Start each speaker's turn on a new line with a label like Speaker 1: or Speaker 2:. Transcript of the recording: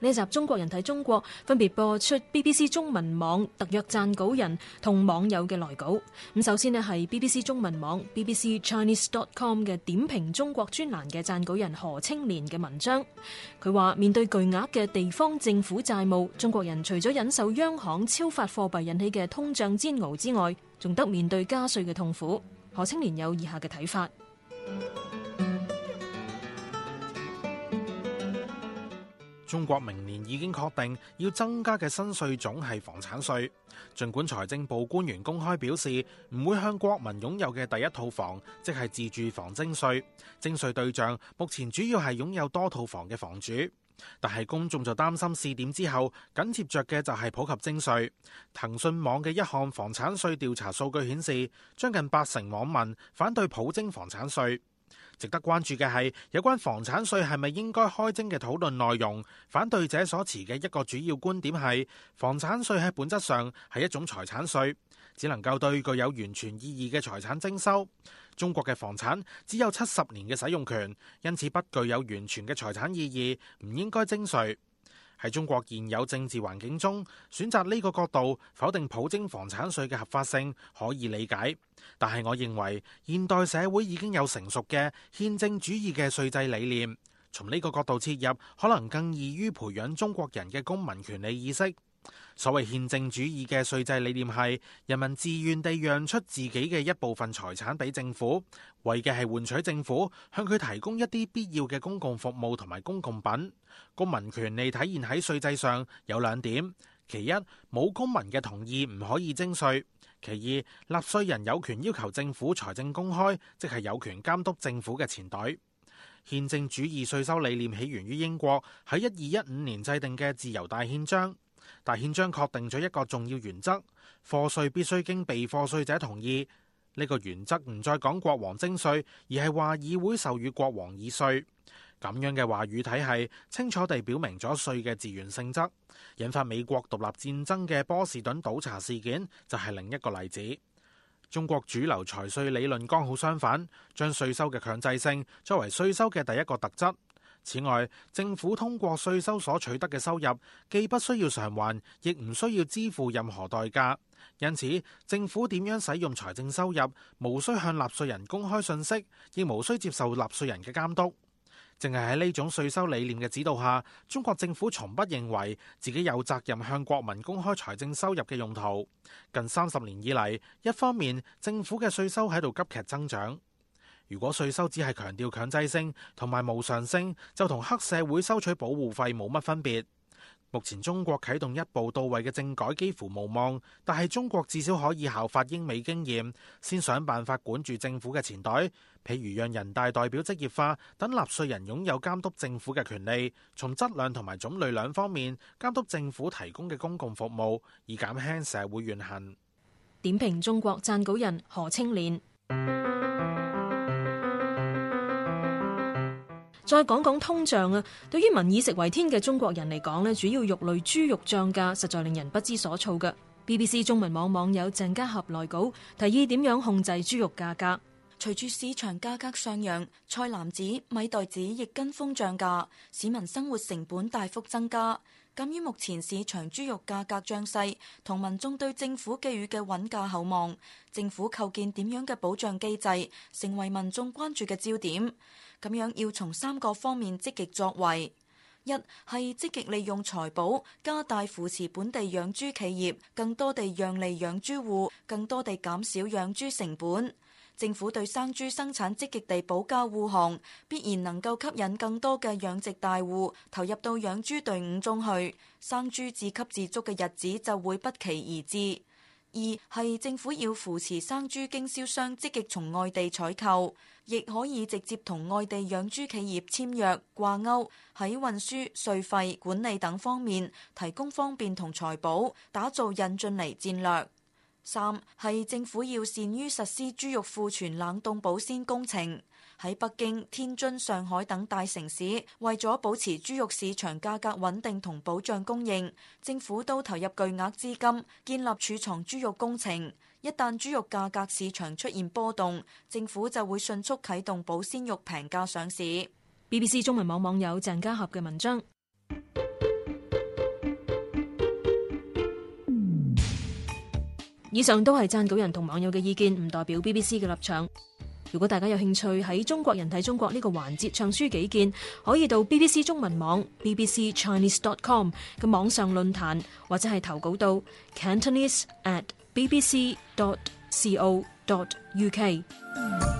Speaker 1: 呢一集中國人睇中國分別播出 BBC 中文網特約撰稿人同網友嘅來稿。咁首先咧係 BBC 中文網 BBC Chinese dot com 嘅點評中國專欄嘅撰稿人何青年嘅文章。佢話面對巨額嘅地方政府債務，中國人除咗忍受央行超發貨幣引起嘅通脹煎熬之外，仲得面對加稅嘅痛苦。何青年有以下嘅睇法。
Speaker 2: 中國明年已經確定要增加嘅新稅種係房產稅，儘管財政部官員公開表示唔會向國民擁有嘅第一套房即係自住房徵稅，徵稅對象目前主要係擁有多套房嘅房主，但係公眾就擔心試點之後緊接著嘅就係普及徵稅。騰訊網嘅一項房產稅調查數據顯示，將近八成網民反對普徵房產稅。值得關注嘅係有關房產稅係咪應該開徵嘅討論內容。反對者所持嘅一個主要觀點係，房產稅喺本質上係一種財產稅，只能夠對具有完全意義嘅財產徵收。中國嘅房產只有七十年嘅使用權，因此不具有完全嘅財產意義，唔應該徵稅。喺中國現有政治環境中，選擇呢個角度否定普徵房產稅嘅合法性，可以理解，但係我認為，現代社會已經有成熟嘅憲政主義嘅稅制理念，從呢個角度切入，可能更易於培養中國人嘅公民權利意識。所謂憲政主義嘅稅制理念係人民自願地讓出自己嘅一部分財產俾政府，為嘅係換取政府向佢提供一啲必要嘅公共服務同埋公共品。公民權利體現喺稅制上有兩點：其一，冇公民嘅同意唔可以徵稅；其二，納稅人有權要求政府財政公開，即係有權監督政府嘅錢袋。憲政主義稅收理念起源於英國喺一二一五年制定嘅《自由大憲章》。大憲章確定咗一個重要原則：課稅必須經被課稅者同意。呢、這個原則唔再講國王徵稅，而係話議會授予國王以稅。咁樣嘅話語體系清楚地表明咗稅嘅自願性質。引發美國獨立戰爭嘅波士頓倒茶事件就係、是、另一個例子。中國主流財稅理論剛好相反，將稅收嘅強制性作為稅收嘅第一個特質。此外，政府通過稅收所取得嘅收入，既不需要償還，亦唔需要支付任何代價。因此，政府點樣使用財政收入，無需向納稅人公開信息，亦無需接受納稅人嘅監督。淨係喺呢種稅收理念嘅指導下，中國政府從不認為自己有責任向國民公開財政收入嘅用途。近三十年以嚟，一方面政府嘅稅收喺度急劇增長。如果稅收只係強調強制性同埋無償性，就同黑社會收取保護費冇乜分別。目前中國啟動一步到位嘅政改幾乎無望，但係中國至少可以效法英美經驗，先想辦法管住政府嘅錢袋，譬如讓人大代表職業化，等納稅人擁有監督政府嘅權利，從質量同埋種類兩方面監督政府提供嘅公共服務，以減輕社會怨恨。點評中國
Speaker 1: 撰稿人何清漣。再講講通脹啊！對於民以食為天嘅中國人嚟講咧，主要肉類豬肉漲價，實在令人不知所措嘅。BBC 中文網網友鄭家俠來稿，
Speaker 3: 提議點樣控制豬肉價格。隨住市場價格上揚，菜籃子、米袋子亦跟風漲價，市民生活成本大幅增加。鑑於目前市場豬肉價格漲勢同民眾對政府寄予嘅穩價厚望，政府構建點樣嘅保障機制，成為民眾關注嘅焦點。咁樣要從三個方面積極作為：一係積極利用財保，加大扶持本地養豬企業，更多地讓利養豬戶，更多地減少養豬成本。政府對生豬生產積極地保駕護航，必然能夠吸引更多嘅養殖大戶投入到養豬隊伍中去，生豬自給自足嘅日子就會不期而至。二係政府要扶持生豬經銷商積極從外地採購，亦可以直接同外地養豬企業簽約掛鈎，喺運輸、稅費、管理等方面提供方便同財保，打造引進嚟戰略。三係政府要善於實施豬肉庫存冷凍保鮮工程。喺北京、天津、上海等大城市，為咗保持豬肉市場價格穩定同保障供應，政府都投入巨額資金建立儲藏豬肉工程。一旦豬肉價格市場出現波動，政府就會迅速啟動保鮮肉平價上市。BBC 中文網網友鄭家俠嘅文章。
Speaker 1: 以上都係撰稿人同網友嘅意見，唔代表 BBC 嘅立場。如果大家有興趣喺中國人睇中國呢個環節暢抒己見，可以到 BBC 中文網 BBC Chinese dot com 嘅網上論壇，或者係投稿到 Cantonese at BBC dot co dot uk。